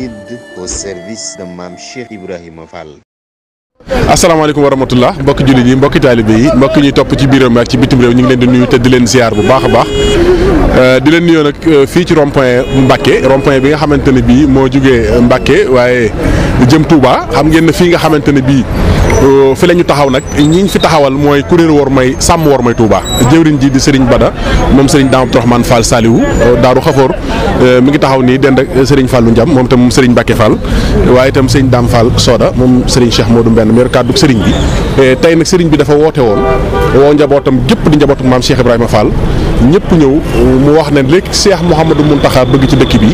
guide au service de Mame Cheikh Ibrahima Fall. asalaamaaleykum wa rahmatullah mbokki jullit yi mbokki taalibe yi mbokki ñuy topp ci biiram ak ci bitim réew ñu ngi leen di nuyu te di leen ziar bu baax a baax Euh, di leen nuyoo nag euh, fii ci rond point Mbacke rond bi nga xamante ne bii moo jugee Mbacke waaye jëm Touba xam ngeen ne fii nga xamante ne bii euh, fi lañu taxaw nag ñii fi taxawal mooy kuréelu war may sàmm war may Touba jëwriñ ji di Serigne Bada moom Serigne Dame Abdourahmane Fall Saliou Daaru Xafoor mi ngi taxaw nii dend ak Serigne Fallou Ndiam moom itam Serigne Mbacke Fall waaye itam Serigne Dame Fall Soda moom Serigne Cheikh Modou Mbenn mi yor kàddu Serigne bi tey nag Serigne bi dafa woote woon woo njabootam jëpp di njabootu maam Cheikh Ibrahima Fall. ñëpp ñëw mu wax ne léegi Cheikh Mouhamadou Mountakha bëgg ci dëkk bi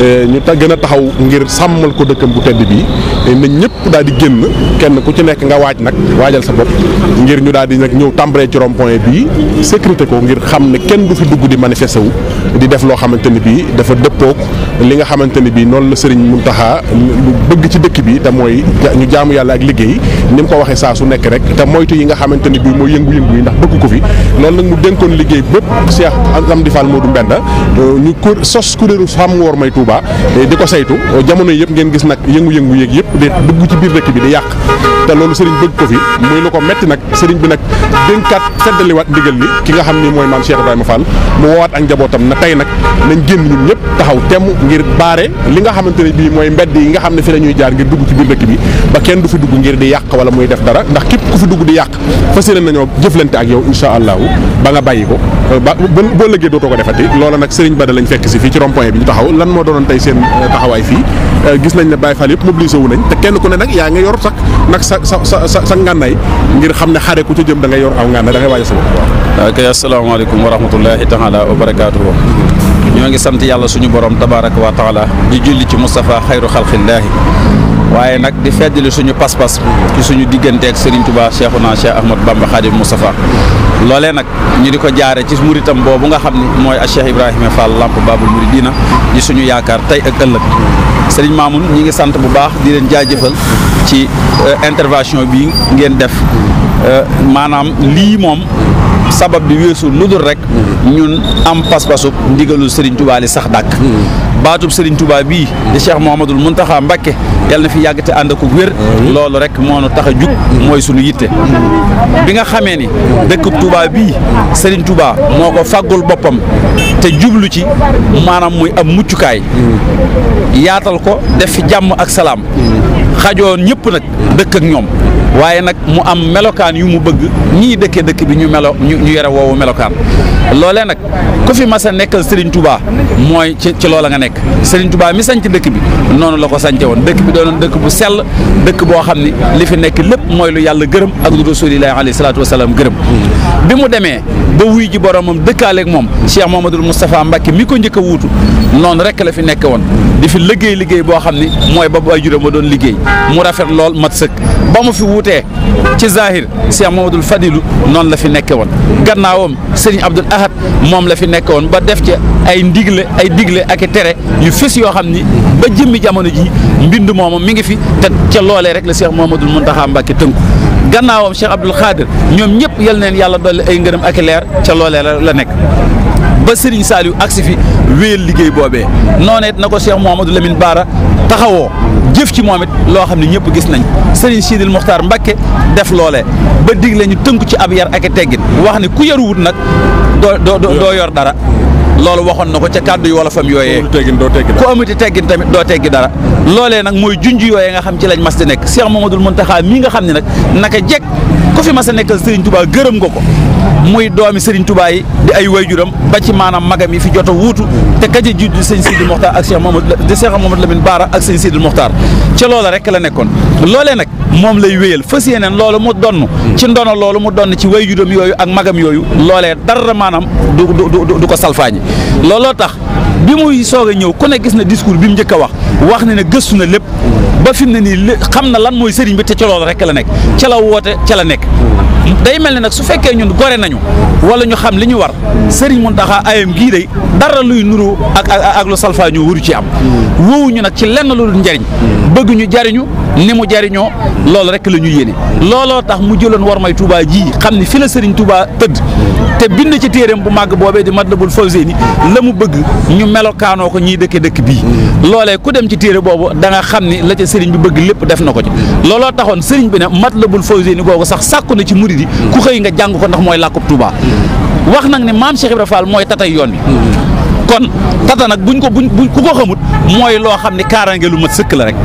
eh, ñu ta gën a taxaw ngir sàmmal ko dëkkam bu tedd bi eh, nañ ñëpp daal di génn kenn ku ci nekk nga waaj nag waajal sa bopp ngir ñu daal di nag ñëw tàmbalee ci rond-point bii sécurité ko ngir xam ne kenn du fi dugg di manifester wu di def loo xamante ni bii dafa dëppook li nga xamante ne bii noonu la sëriñ Muntaxa bëgg ci dëkk bi te mooy ñu jaamu yàlla ak liggéey ni mu ko waxee saa su nekk rek te moytu yi nga xamante ne bii mooy yëngu-yëngu yi bëgg ko fi loolu nag mu dénkoon liggéey bépp Cheikh Amdi Fall Modou Mbenda ñu kur sos kuréelu Sàmm Woor May Touba di ko saytu jamono yëpp ngeen gis nag yëngu-yëngu yëpp di ci biir dëkk bi di yàq te loolu sëriñ bëgg ko fi muy lu ko metti nag sëriñ bi nag dénkaat feddaliwaat ndigal li ki nga xam ni mooy maam Cheikh Ibrahima Fall mu woowaat ak njabootam na tey nag nañ génn ñun ñëpp taxaw temm ngir baare li nga xamante ne bii mooy mbedd yi nga xam ne fi la ñuy jaar ngir dugg ci biir dëkk bi ba kenn du fi dugg ngir di yàq wala muy def dara ndax képp ku fi dugg di yàq fas yéene yow incha allahu ba nga bàyyi ko euh, ba boo lëggee dootoo ko defati loola nag Serigne Bada lañ fekk si fii ci rond-point bi ñu taxaw lan moo doonoon tey seen euh, taxawaay fii euh, gis nañ ne Baye Fall yëpp mobilisé wu nañ te kenn ku ne nag yaa ngi yor sax nag sa sa sa sa ngànnaay ngir xam ne xare ku ca jëm dangay yor aw ngànnaay da ngay waaj a sa bopp. ok asalaamaaleykum wa rahmatullahi taala wa barakaatuhu ñoo sant yàlla suñu borom tabaraka wa taala di julli ci Moustapha xayru xalqillaahi waaye nag di feddali suñu pas-pas ci suñu diggante ak Serigne Touba Cheikhouna Cheikh Ahmad Bamba Khadim Moustapha loolee nag ñu di ko jaare ci muritam boobu nga xam ni mooy a Cheikh Ibrahima Fall Lamp Babul Muridina di suñu yaakaar tey ak ëllëg Serigne Mamoun ñi ngi sant bu baax di leen jaajëfal ci euh, intervention bi ngeen def euh, maanaam lii moom sabab bi weesu lu dul rek mhm. ñun am pas-pasub ndigalul Serigne Touba sax dàkk mhm. baatub Serigne Touba bii mhm. di Cheikh mun taxa Mbacké yàlla na fi yàgg te ànd ak wér loolu rek moo na tax a jug mooy sunu yitte bi nga xamee ni dëkk Touba bii sëriñ Touba moo ko faggul boppam te jublu ci maanaam muy am muccukaay yaatal ko def fi jàmm ak salaam xajoon ñëpp nag dëkk ak ñoom waaye nag mu am melokaan yu mu bëgg ñii dëkke dëkk bi ñu melo ñu yore woowu melokaan loolee nag ku fi mas a nekkal Serigne tubaa mooy ci ci loola nga nekk Serigne tubaa mi sanc dëkk bi noonu la ko sance woon dëkk bi doonoon dëkk bu sell dëkk boo xam ni li fi nekk lépp mooy lu yàlla gërëm ak lu rasulillahi alayhi salaatu wasalaam gërëm bi mu demee ba wuy ji boromam dëkkaaleek moom Cheikh Mamadou Moustapha mbakke mi ko njëkk a wuutu noonu rek la fi nekk woon di fi liggéey liggéey boo xam ni mooy ba waajuram ma doon liggéey mu rafet lol mat seuk ba mu fi wuté ci zahir Cheikh Mamadou Fadilu non la fi nekke woon gannaawam sëriñ Abdoul Ahad mom la fi nekke woon ba def ci ay ndigle ay digle ak tere yu fess yo xamni ba jëmmi jamono ji mbind mom mi ngi fi te ci lolé rek la Cheikh Mamadou muntaha Mbacké teunk gannaawum Cheikh Abdoul Khadir ñom ñëpp yel neen yàlla dolli ay ngërëm ak leer ci lolé la la nekk ba Serigne Saliou aksi fi wéel liggéey bobé noonee nako Cheikh mamadou Lamine Bara taxawoo jëf ci moom it loo xam ne ñëpp gis nañ sëriñ Sidil Muxtaar Mbakke def loolee ba digle ñu tënk ci ab yar ak teggin wax ne ku yaruwut nag doo doo doo yor dara loolu waxoon na ko ca kàddu yu wolofam yooyee ku amuti teggin tamit doo teggi dara loolee nag mooy junj yooyee nga xam ci lañ mas di nekk Cheikh Mamadou Mountakha mii nga xam ne nag naka jekk ku fi mas a nekkal Serigne Touba gërëm nga ko muy doomi Serigne tubaay yi di ay wayjuram ba ci maanaam magam yi fi jot a wuutu te kaja jiit di sëñ Sidil Mokhtar ak Cheikh moom di Cheikh Mamadou Lamine Baara ak sëñ Sidil Mokhtar ca loola rek la nekkoon loole nag moom lay wéyal fas yeneen loolu mu donn ci ndono loolu mu donn ci wayjuram yooyu ak magam yooyu loolee dara maanaam du du du ko salfaañi looloo tax bi muy soog ñëw ku ne gis na discours bi mu njëkk a wax wax ne ne gëstu na lépp ba fi mu nii xam na lan mooy sëriñ bi te ca loolu rek la nekk ca la woote ca la nekk day mel na nag su fekkee ñun gore nañu wala ñu xam li ñuy war sëriñ Muntaxa ayam gii day dara luy nuru ak ak lu salfaa ñu waru ci am wóowuñu nag ci lenn lu dul njariñ bëgg ñu jariñu ni mu jariñoo loolu rek la ñu yéene looloo tax mu jëloon war may tubaa ji xam ni fi la sëriñ Touba tëdd te bind ci téereem bu màgg boobee di Matlabul ni la mu bëgg ñu melokaanoo ko ñiy dëkke dëkk bii ca sëriñ bi bëgg lépp def na ko ci looloo taxoon sëriñ bi ne Matlabul Fawzeyni googu sax sàkku na ci murid yi ku xëy nga jàng ko ndax mooy làkkub Tuubaa wax nag ne maam Cheikh Ibra Fall mooy tatay yoon bi kon tata nag buñ ko buñ ku ko xamut mooy loo xam ne kaaraange lu mat sëkk la rek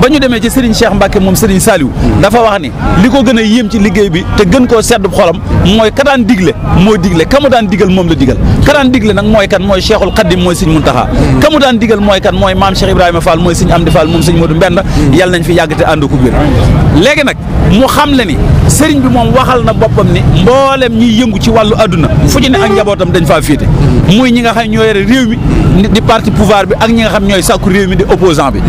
ba ñu demee ci Serigne Cheikh Mbacke moom Serigne Saliou dafa wax ni li ko gën a yéem ci liggéey bi te gën koo sedd xolam mooy ka digle mooy digle ka mu daan digal moom la digal ka daan digle nag mooy kan mooy Cheikhul Khadim mooy Serigne Mountakha ka mu daan digal mooy kan mooy maam Cheikh Ibrahima Fall mooy Serigne Amdi Fall moom Serigne Modou Mbenda yàlla nañ fi yàgg te ànd ko biir léegi nag mu xam le ni sëriñ bi moom waxal na boppam ni mboolem ñiy yëngu ci wàllu adduna fu ñu ne ak njabootam dañ faa féete muy ñi nga xam ñoo yore mi di parti pouvoir bi ak ñi nga xam ñooy saku réew mi di opposant bi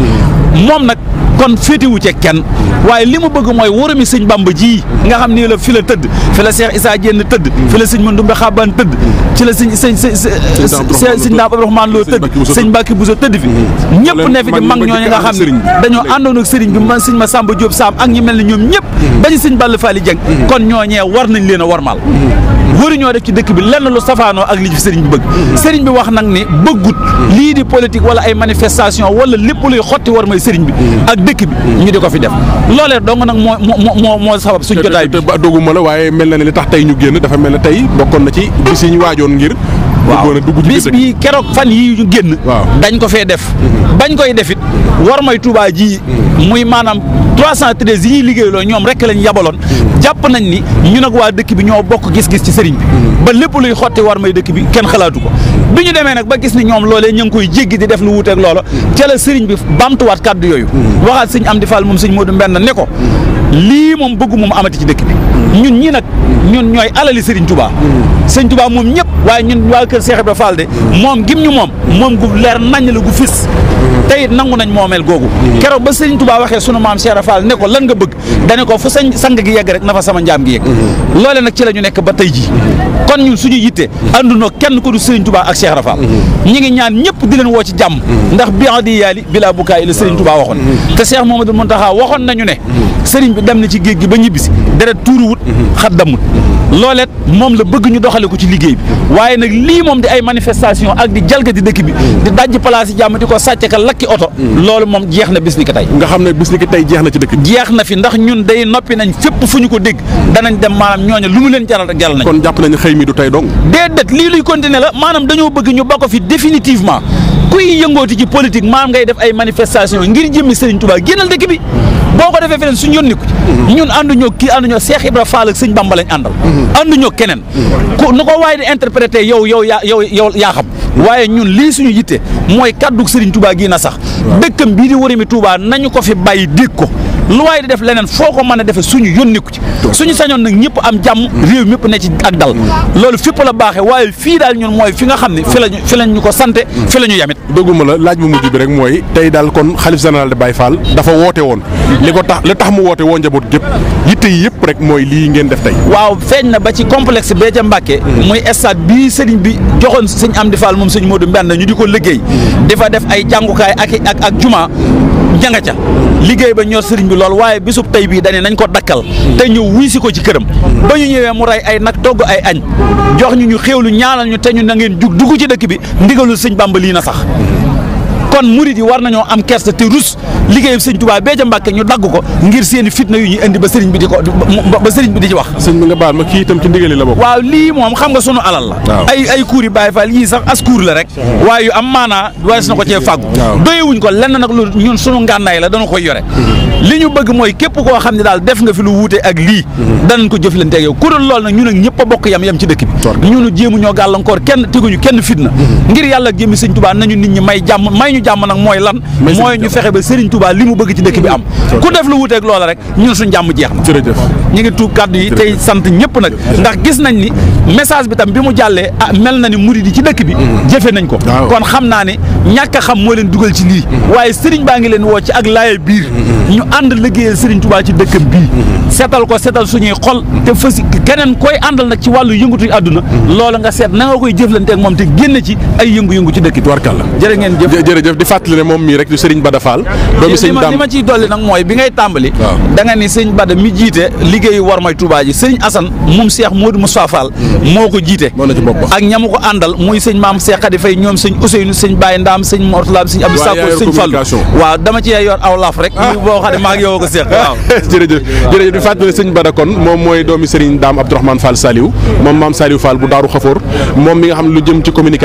moom nag kon féetewu ci kenn waaye li ma bëgg mooy warami sëñ bamba ji nga xam ni la fi la tëdd fi la Cheikh Issa Diène tëdd fi la sëñ Mandumbe Xaban tëdd ci la sëñ sëñ sëñ Daam Abdourahmane Lo tëdd sëñ Mbàkke Bousso tëdd fi mm-hmm. ñëpp ne fi di mag ñooñu nga xam ni dañoo àndoon ak sëriñ bi man sëñ ma Samba Diop Sam ak ñi mel na ñoom ñëpp mm-hmm. bañu sëñ Balla Fally Dieng mm-hmm. kon ñooñee war nañ leen a warmal ñoo def ci dëkk bi lenn lu safaanoo ak li fi sëriñ bi bëgg sëriñ bi wax nag ne bëggut lii di politique wala ay manifestation wala lépp luy xotti war may sëriñ bi dëkk bi ñu di ko fi def loolee dong nag moo moo moo moo sabab suñ jotaay bi doguma la waaye mel na ne li tax tey ñu génn dafa mel ne tey bokkoon na ci bis yi ñu waajoon ngir bëggoon a dugg ci bis bi keroog fan yi ñu génn dañ ko fee def bañ koy defit war may Touba ji muy maanaam des yi ñuy liggéeyloo ñoom rek lañu yabaloon jàpp nañ ni ñu nag waa dëkk bi ñoo bokk gis-gis ci sëriñ bi ba lépp luy xotti war may dëkk bi kenn xalaatu ko bi ñu demee nag ba gis ni ñoom loolee ñu ngi koy jéggi di def lu wuuteeg loola ca la sëriñ bi bamtuwaat kàddu yooyu waxaat sëñ Amdi Fall moom sëñ Modou Mbenn ne ko lii moom bëgg moom amati ci dëkk bi ñun ñi nag ñun ñooy alali Serigne Touba. Serigne Touba moom ñëpp waaye ñun waa kër Cheikh Ibrahima Fall de moom gim ñu moom moom gu leer nañ la gu fis te it nangu nañ moomeel googu keroog ba sëñ Tuubaa waxee sunu maam Cheikh Fall ne lan nga bëgg dane ko fu sang gi yegg rek na sama njaam gi yegg mhm. loole nag ci la nekk ba tey ji kon ñun suñu yitte àndunoo kenn ko du sëriñ Tuubaa ak seex Fall mhm. ñi ngi ñaan ñëpp di leen woo ci jàmm mhm. ndax bi adi yaali bila bukaay la sëriñ Tuubaa waxoon te Cheikh Mamadou Mountakha waxoon nañu ne sëriñ bi dem na ci géej gi ba ñibbisi deret tuuruwut xaddamut looleet moom la bëgg ñu doxale ko ci liggéey bi waaye nag lii moom ay manifestation ak di dëkk ka lakki oto mm. loolu moom jeex na bis ni nga xam ne bis ni jeex na ci dëkk jeex na fi ndax ñun day noppi nañ fépp fu ñu ko dégg danañ dem maanaam ñooñu lu mu leen jaral rek jaral nañ kon jàpp nañ xëy mi du tey dong déedéet lii luy continuer la maanaam dañoo bëgg ñu bokk fi définitivement kuy yëngooti ci politique maanaam ngay def ay manifestation ngir jëmmi Serigne Touba génnal dëkk bi boo ko defee feneen suñ yónni ko ci mm-hmm. ñun ànduñoo kii ànduñoo Cheikh Ibra Fall ak sëñ Bamba lañ àndal mm-hmm. ànduñoo keneen ku nu ko waaye waaye ñun lii suñu yitte mooy kàddu Serigne Touba gii na sax dëkkam bii di wërëmi Touba nañu ko fi bàyyi dégg ko lu waaye def leneen foko ko def suñu yónniku ci suñu sañon nak ñepp am jamm rew mépp ne ci ak dal lolu fépp la baxé waye fi dal ñun moy fi nga xamni fi lañu fi lañ ñu ko sante fi la ñu yamit dëgguma la laaj bu mujj bi rek moy tay dal kon xalif général de Baye Fall dafa woté won liko tax le tax mu woté won njaboot gep yitte yépp rek moy li ngeen def tay waaw feñ na ba ci complexe bee ca Mbàkke mm-hmm. muy stade bi sëriñ bi joxon sëñ Amdi Fall mom sëñ Modou Mbende ñu diko ko liggéey mm-hmm. dafa def ay jangukaay ak ak ak juma ñanga ca liggéey ba ñor sëriñ bi lool waaye bisub tey bii dane nañ ko dakkal te ñëw wuy si ko ci këram ba ñu ñëwee mu rey ay nag togg ay añ jox ñu ñu xéewlu ñaanal ñu te ñu na ngeen jug dugg ci dëkk bi ndigalul sëñ Bàmba lii na sax kon murid yi war nañoo am kersa te rus liggéeyam sëñ Touba bee ca Mbàkke ñu dagg ko ngir seeni fitna yu ñuy indi ba sëriñ bi di ko ba sëriñ bi di ci wax. sëñ bi moom xam nga sunu alal la. ay ay kuur yi Baay Faal yii sax am maanaa wares na ko cee fàggu. doyewuñ ko lenn nag lu ñun sunu ngànnaay la dana koy yore. Mhm. li ñu bëgg mooy képp koo xam ne daal def nga fi lu wuute ak lii. Mhm. danañ ko jëflanteeg yow ku dul lool nag ñun ak ñëpp bokk yam yam ci dëkk bi. ñunu jéemu ñoo gàllankoor kenn teguñu kenn fitna. Mhm. ngir yàlla ak jëmmi sëñ Touba nañu nit ñi may jàmm may ñu jàmm nag mooy lan. mooy ñu fexe ba sëriñ Touba li mu bëgg ci dëkk bi am ku def lu wuuteeg loola rek ñun suñ jàmm jeex na jërëjëf ñu ngi tuub kàddu yi tey sant ñëpp nag ndax gis nañ ni message bi tam bi mu jàllee ah, mel na ni murid yi ci dëkk bi mm. jëfe nañ ko kon xam naa ne ñàkk a xam moo leen dugal ci lii mm. waaye sëriñ baa ngi leen woo ci ak laaye biir mm-hmm. ñu ànd liggéeyal sëriñ Touba ci dëkkam bii mm-hmm. seetal ko setal suñuy xol te fas keneen koy àndal nag ci wàllu yëngatu àdduna mm-hmm. loola nga seet na nga koy jëflante ak moom te génn ci ay yëngu-yëngu ci dëkk tubarkalla jërë ngeen jëf jërëjëf di fàttali moom mii rek du Serigne ma ciy dolli nag mooy bi ngay da nga ni Sëñ Bada mi jiite war may Touba ji Sëñ Assane moom Cheikh Modou Moussa Fall mm-hmm. moo ko jiite ak ñamu ko àndal muy sëñ maam Cheikh Khady Faye ñoom sëñ Ousseynou sëñ Baye Ndam sëñ Mortala sëñ Abdou Sakko sëñ Fallou waaw dama ci yor aw laaf rek ah. boo xam ne maa ngi ko Cheikh waaw jërëjëf jërëjëf fàttali sëñ Bada kon moom mooy doomi Serigne Dame Abdourahmane Fall Saliou moom maam Saliou Fall bu Daaru Xafoor moom mi nga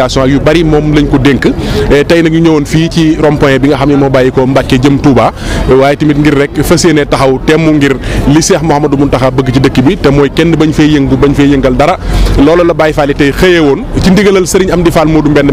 xam eh, ne moom bi moo bàyyi ko Mbàkke jëm Touba waaye tamit ngir la Baye Fall yi tey xëyee woon ci ndigalal Serigne Amdi Fall Modou Mbend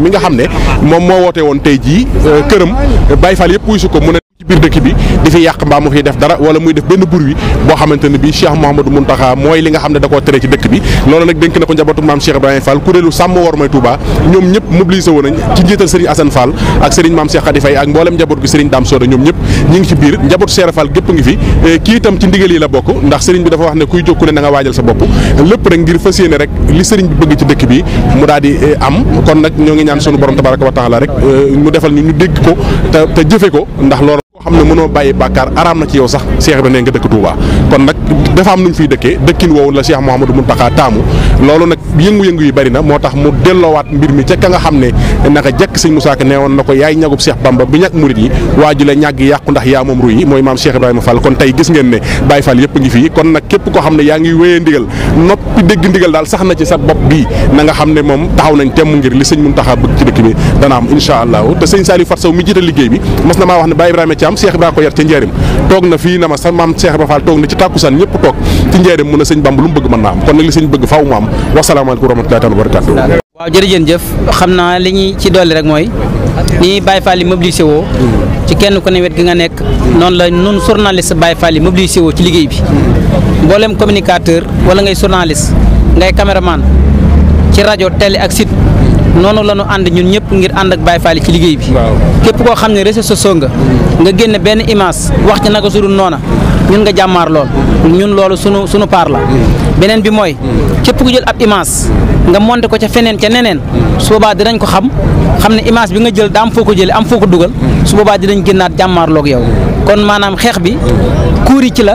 moo woote woon tey jii eh, këram Baye Fall yëpp wuyu ko mu ne bir dëkk bi di fi yak mbaa fi def dara wala muy def benn bruit boo xamante ne bii Cheikh Mouhamadou muntaha mooy li nga xam ne da koo tere ci dëkk bi loolu nag dénk na ko njabatu maam Cheikh ibrahim Fall kuréelu sàmm war mooy Touba ñoom ñëpp mobiliser woon nañ ci njiital Serigne Assane Fall ak Serigne maam Cheikh Khady ak mboolem njaboot gi Serigne dam Soda ñoom ñëpp ñi ngi ci biir njabootu Cheikh Fall gépp ngi fi eh, kii itam ci ndigal yi la bokk ndax Serigne bi dafa wax ne kuy jokku ne na nga waajal sa bopp lépp rek ngir fas rek li Serigne bi bëgg ci dëkk bi mu daal di eh, am kon nag ñoo ngi ñaan sunu borom tabaraka wa taala rek eh, mu defal ñu ñu dégg ko te te jëfe ko ndax loolu xam ne mënoo bàyyi bàkkaar araam na ci yow sax Cheikh bi ne nga dëkk Touba kon nag dafa am nu ñu fiy dëkkee dëkkin woowu la Cheikh Mouhamadou Mountakha taamu loolu nag yëngu-yëngu yi bari na moo tax mu delloowaat mbir mi moom maam Cheikh Ibrahima Fall kon tey gis ngeen ne Baye Fall yëpp ngi fii kon nag képp koo xam ne yaa ngi wéyee ndigal noppi dégg ndigal daal sax na ci sa bopp bii na xam ne moom taxaw nañ temm ngir li sëñ Mountakha bëgg ci dëkk bi dana am incha allah te sëñ Saliou Fat Sow mi jiite liggéey bi mas na maa wax ne Baye Ibrahima Thiam Cheikh Ibra ko yar ca Njaareem toog na fii na ma sa maam Cheikh Ibra Fall toog na ci tàkkusaan ñëpp toog ci Njaareem mu ne sëñ Bamba lu mu bëgg mën naa am kon nag li sëñ bëgg faaw mu am wasalaamaaleykum wa rahmatulaahi taala wa barakaatu waaw jërëjëf xam naa li ñuy ci dolli rek mooy ni ñuy Baye yi mobilisé woo ci kenn ku ne gi nga nekk noonu la nun journaliste Baye Fall yi mobilisé woo ci liggéey bi mboolem communicateur wala ngay journaliste ngay caméraman ci noonu la nu ànd ñun ñëpp ngir ànd ak Baye Fall ci liggéey bi képp koo xam ne réseaux sociaux nga nga génne benn image wax ci naka sudul noona ñun nga jàmmaar lool ñun loolu sunu sunu paar la beneen bi mooy képp ku jël ab image nga monté ko ca feneen ca neneen su boobaa dinañ ko xam xam ne image bi nga jël daa foo ko jëlee am foo ko dugal su boobaa dinañ génnaat jàmmaarloog yow kon manam xex bi kuuri ci la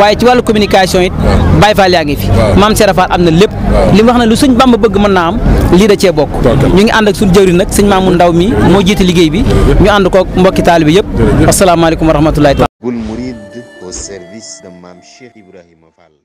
waaye ci walu communication it bay Fall yaa ngi fi mam Serap amna lépp li mu wax ne lu suñ Bamba bëgg man na am li da ci bok ñu ngi ànd ak suñ jëwri nak sëñ Mamoun Ndaw mi mo jiite liggéey bi ñu ànd ko mbokki taalibe yëpp alaykum wa rahmatullahi taala bul murid au service de maam Cheikh Ibrahima Fall